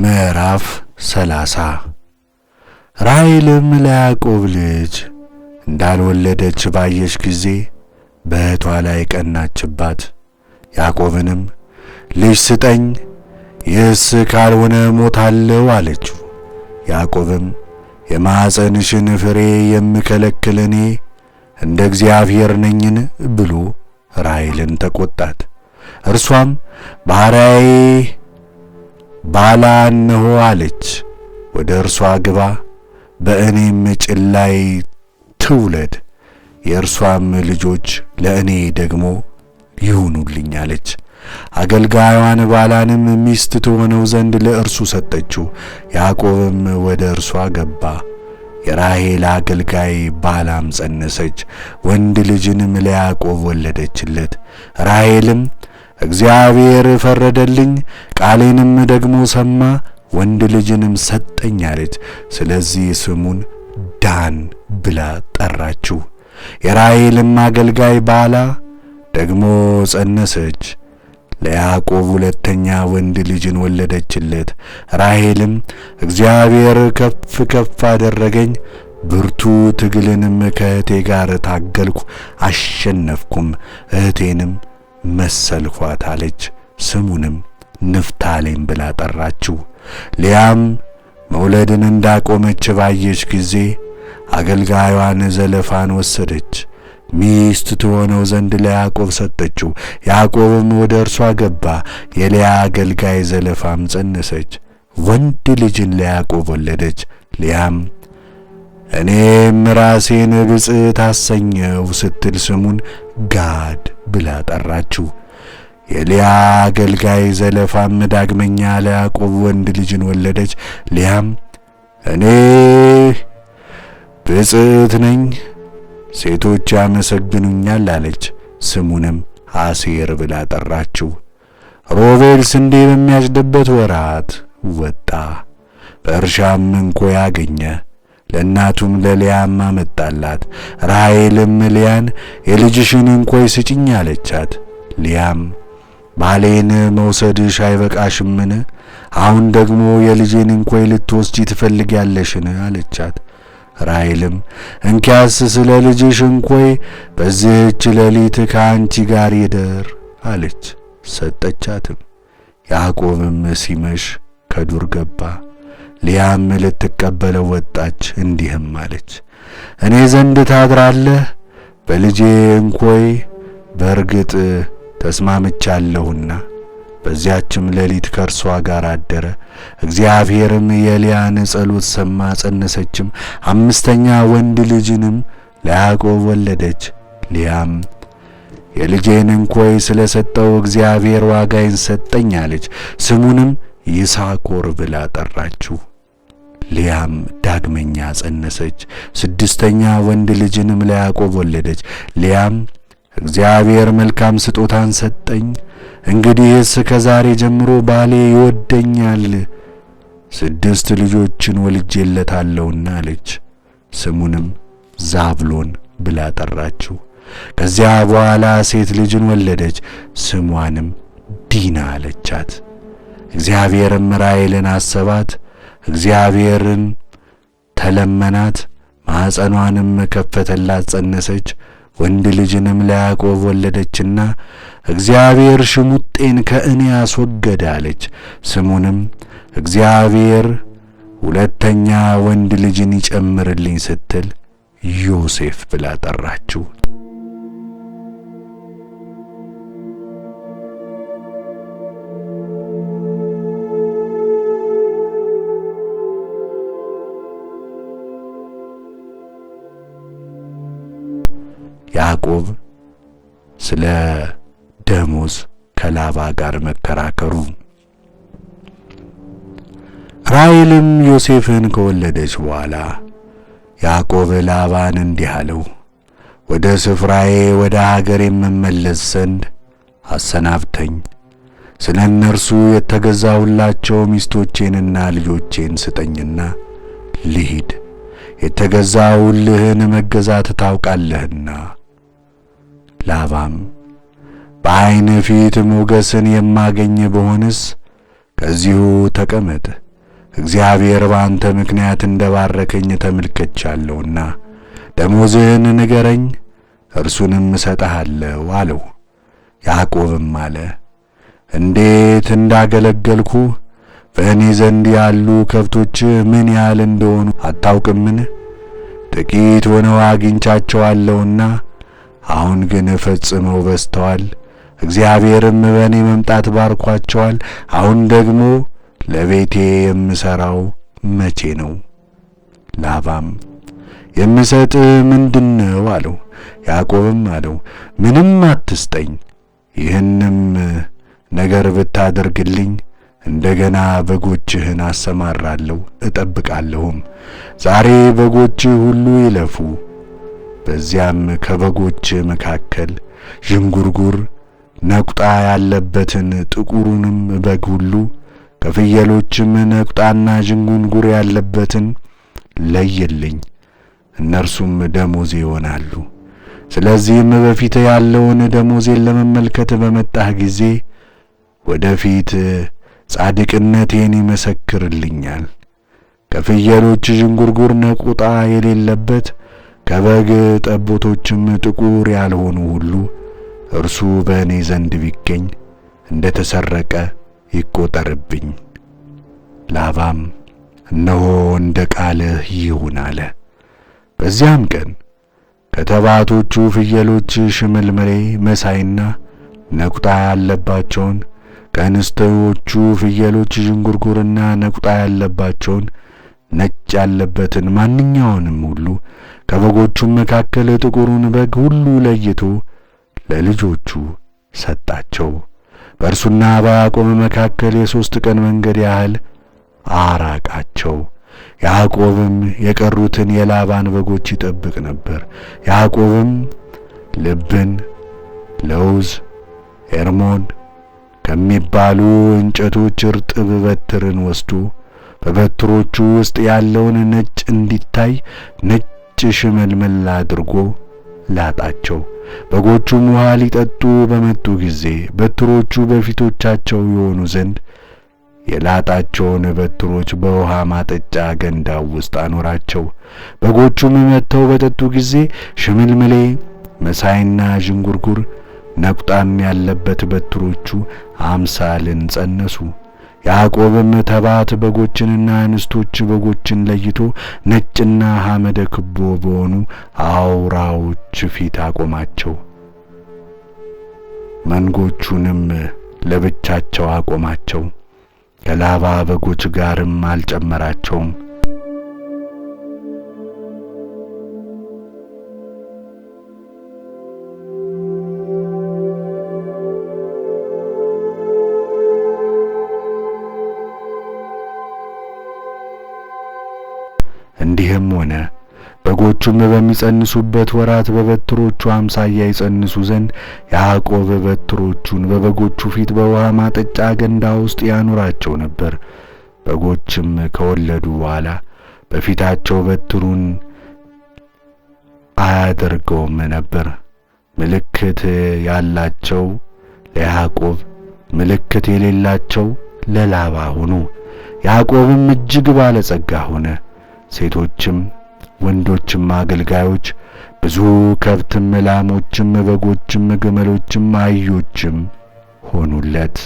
ምዕራፍ ሰላሳ ራሔልም ለያዕቆብ ልጅ እንዳልወለደች ባየች ጊዜ በእህቷ ላይ ቀናችባት። ያዕቆብንም ልጅ ስጠኝ፣ ይህስ ካልሆነ ሞታለሁ አለችው። ያዕቆብም የማኅፀንሽን ፍሬ የምከለክል እኔ እንደ እግዚአብሔር ነኝን ብሎ ራሔልን ተቆጣት። እርሷም ባሪያዬ ባላ እነሆ አለች፣ ወደ እርሷ ግባ፣ በእኔም ጭን ላይ ትውለድ፣ የእርሷም ልጆች ለእኔ ደግሞ ይሁኑልኝ አለች። አገልጋዩዋን ባላንም ሚስት ትሆነው ዘንድ ለእርሱ ሰጠችው። ያዕቆብም ወደ እርሷ ገባ። የራሔል አገልጋይ ባላም ጸነሰች፣ ወንድ ልጅንም ለያዕቆብ ወለደችለት። ራሔልም እግዚአብሔር ፈረደልኝ፣ ቃሌንም ደግሞ ሰማ፣ ወንድ ልጅንም ሰጠኝ አለች። ስለዚህ ስሙን ዳን ብላ ጠራችው። የራሔልም አገልጋይ ባላ ደግሞ ጸነሰች፣ ለያዕቆብ ሁለተኛ ወንድ ልጅን ወለደችለት። ራሔልም እግዚአብሔር ከፍ ከፍ አደረገኝ ብርቱ ትግልንም ከእህቴ ጋር ታገልኩ፣ አሸነፍኩም እህቴንም መሰልኳት አለች። ስሙንም ንፍታሌም ብላ ጠራችው። ሊያም መውለድን እንዳቆመች ባየች ጊዜ አገልጋዩዋን ዘለፋን ወሰደች፣ ሚስት ትሆነው ዘንድ ለያዕቆብ ሰጠችው። ያዕቆብም ወደ እርሷ ገባ። የሊያ አገልጋይ ዘለፋም ጸነሰች፣ ወንድ ልጅን ለያዕቆብ ወለደች። ሊያም እኔም ራሴን ብጽዕት አሰኘው ስትል ስሙን ጋድ ብላ ጠራችው። የሊያ አገልጋይ ዘለፋም ዳግመኛ ለያዕቆብ ወንድ ልጅን ወለደች። ሊያም እኔ ብፅዕት ነኝ፣ ሴቶች ያመሰግኑኛል አለች። ስሙንም አሴር ብላ ጠራችው። ሮቤል ስንዴ በሚያጭድበት ወራት ወጣ፣ በእርሻም እንኮ ያገኘ ለእናቱም ለልያም አመጣላት። ራሔልም ልያን የልጅሽን እንኮይ ስጭኝ አለቻት። ልያም ባሌን መውሰድሽ አይበቃሽምን? አሁን ደግሞ የልጄን እንኮይ ልትወስጂ ትፈልጊያለሽን? አለቻት። ራሔልም እንኪያስ ስለ ልጅሽ እንኮይ በዚህች ሌሊት ከአንቺ ጋር ይደር አለች። ሰጠቻትም። ያዕቆብም ሲመሽ ከዱር ገባ። ሊያም ልትቀበለው ወጣች፣ እንዲህም አለች፣ እኔ ዘንድ ታድራለህ፣ በልጄ እንኮይ በእርግጥ ተስማምቻለሁና። በዚያችም ሌሊት ከእርሷ ጋር አደረ። እግዚአብሔርም የልያን ጸሎት ሰማ፣ ጸነሰችም፣ አምስተኛ ወንድ ልጅንም ለያዕቆብ ወለደች። ሊያም የልጄን እንኮይ ስለ ሰጠው እግዚአብሔር ዋጋይን ሰጠኝ አለች። ስሙንም ይሳኮር ብላ ጠራችሁ። ሊያም ዳግመኛ ጸነሰች፣ ስድስተኛ ወንድ ልጅንም ለያዕቆብ ወለደች። ሊያም እግዚአብሔር መልካም ስጦታን ሰጠኝ፣ እንግዲህስ ከዛሬ ጀምሮ ባሌ ይወደኛል፣ ስድስት ልጆችን ወልጄለታለሁና አለች። ስሙንም ዛብሎን ብላ ጠራችው። ከዚያ በኋላ ሴት ልጅን ወለደች፣ ስሟንም ዲና አለቻት። እግዚአብሔርም ራሔልን አሰባት፣ እግዚአብሔርን ተለመናት፣ ማኅፀኗንም ከፈተላት፣ ጸነሰች፣ ወንድ ልጅንም ለያዕቆብ ወለደችና እግዚአብሔር ሽሙጤን ከእኔ አስወገደ አለች። ስሙንም እግዚአብሔር ሁለተኛ ወንድ ልጅን ይጨምርልኝ ስትል ዮሴፍ ብላ ጠራችው። ያዕቆብ ስለ ደሞዝ ከላባ ጋር መከራከሩ። ራሔልም ዮሴፍን ከወለደች በኋላ ያዕቆብ ላባን እንዲህ አለው፣ ወደ ስፍራዬ ወደ ሀገር የምመለስ ዘንድ አሰናብተኝ። ስለ እነርሱ የተገዛሁላቸው ሚስቶቼንና ልጆቼን ስጠኝና ልሂድ። የተገዛሁልህን መገዛት ታውቃለህና ላባም በዓይን ፊት ሞገስን የማገኝ በሆንስ ከዚሁ ተቀመጥ፣ እግዚአብሔር በአንተ ምክንያት እንደ ባረከኝ ተመልከቻለሁና ደሞዝህን ንገረኝ፣ እርሱንም እሰጥሃለሁ አለው። ያዕቆብም አለ እንዴት እንዳገለገልኩ በእኔ ዘንድ ያሉ ከብቶች ምን ያህል እንደሆኑ አታውቅምን? ጥቂት ሆነው አግኝቻቸዋለሁና አሁን ግን ፈጽመው በዝተዋል። እግዚአብሔርም በእኔ መምጣት ባርኳቸዋል። አሁን ደግሞ ለቤቴ የምሰራው መቼ ነው? ላባም የምሰጥ ምንድነው አለው። ያዕቆብም አለው ምንም አትስጠኝ፣ ይህንም ነገር ብታደርግልኝ እንደገና በጎችህን አሰማራለሁ እጠብቃለሁም። ዛሬ በጎችህ ሁሉ ይለፉ በዚያም ከበጎች መካከል ዥንጉርጉር ነቁጣ ያለበትን ጥቁሩንም በግ ሁሉ ከፍየሎችም ነቁጣና ዥንጉርጉር ያለበትን ለየልኝ፣ እነርሱም ደሞዜ ይሆናሉ። ስለዚህም በፊት ያለውን ደሞዜን ለመመልከት በመጣህ ጊዜ ወደፊት ጻድቅነቴን ይመሰክርልኛል። ከፍየሎች ዥንጉርጉር ነቁጣ የሌለበት ከበግ ጠቦቶችም ጥቁር ያልሆኑ ሁሉ እርሱ በእኔ ዘንድ ቢገኝ እንደ ተሰረቀ ይቆጠርብኝ። ላባም እነሆ እንደ ቃልህ ይሁን አለ። በዚያም ቀን ከተባቶቹ ፍየሎች ሽምልምሌ መሳይና ነቁጣ ያለባቸውን ከንስቶቹ ፍየሎች ዥንጉርጉርና ነቁጣ ያለባቸውን ነጭ ያለበትን ማንኛውንም ሁሉ ከበጎቹም መካከል ጥቁሩን በግ ሁሉ ለይቶ ለልጆቹ ሰጣቸው። በእርሱና በያዕቆብ መካከል የሦስት ቀን መንገድ ያህል አራቃቸው። ያዕቆብም የቀሩትን የላባን በጎች ይጠብቅ ነበር። ያዕቆብም ልብን፣ ለውዝ፣ ኤርሞን ከሚባሉ እንጨቶች እርጥብ በትርን ወስዶ በበትሮቹ ውስጥ ያለውን ነጭ እንዲታይ ነጭ ሽመልመላ አድርጎ ላጣቸው። በጎቹም ውሃ ሊጠጡ በመጡ ጊዜ በትሮቹ በፊቶቻቸው የሆኑ ዘንድ የላጣቸውን በትሮች በውሃ ማጠጫ ገንዳ ውስጥ አኖራቸው። በጎቹም መጥተው በጠጡ ጊዜ ሽምልምሌ፣ መሳይና ዥንጉርጉር ነቁጣም ያለበት በትሮቹ አምሳልን ጸነሱ። ያዕቆብም ተባት በጎችንና እንስቶች በጎችን ለይቶ ነጭና ሐመደ ክቦ በሆኑ አውራዎች ፊት አቆማቸው። መንጎቹንም ለብቻቸው አቆማቸው። ከላባ በጎች ጋርም አልጨመራቸውም። እንዲህም ሆነ። በጎቹም በሚጸንሱበት ወራት በበትሮቹ አምሳያ ይጸንሱ ዘንድ ያዕቆብ በትሮቹን በበጎቹ ፊት በውሃ ማጠጫ ገንዳ ውስጥ ያኖራቸው ነበር። በጎችም ከወለዱ በኋላ በፊታቸው በትሩን አያደርገውም ነበር። ምልክት ያላቸው ለያዕቆብ፣ ምልክት የሌላቸው ለላባ ሆኑ። ያዕቆብም እጅግ ባለጸጋ ሆነ። ሴቶችም ወንዶችም አገልጋዮች ብዙ ከብትም ላሞችም በጎችም ግመሎችም አህዮችም ሆኑለት።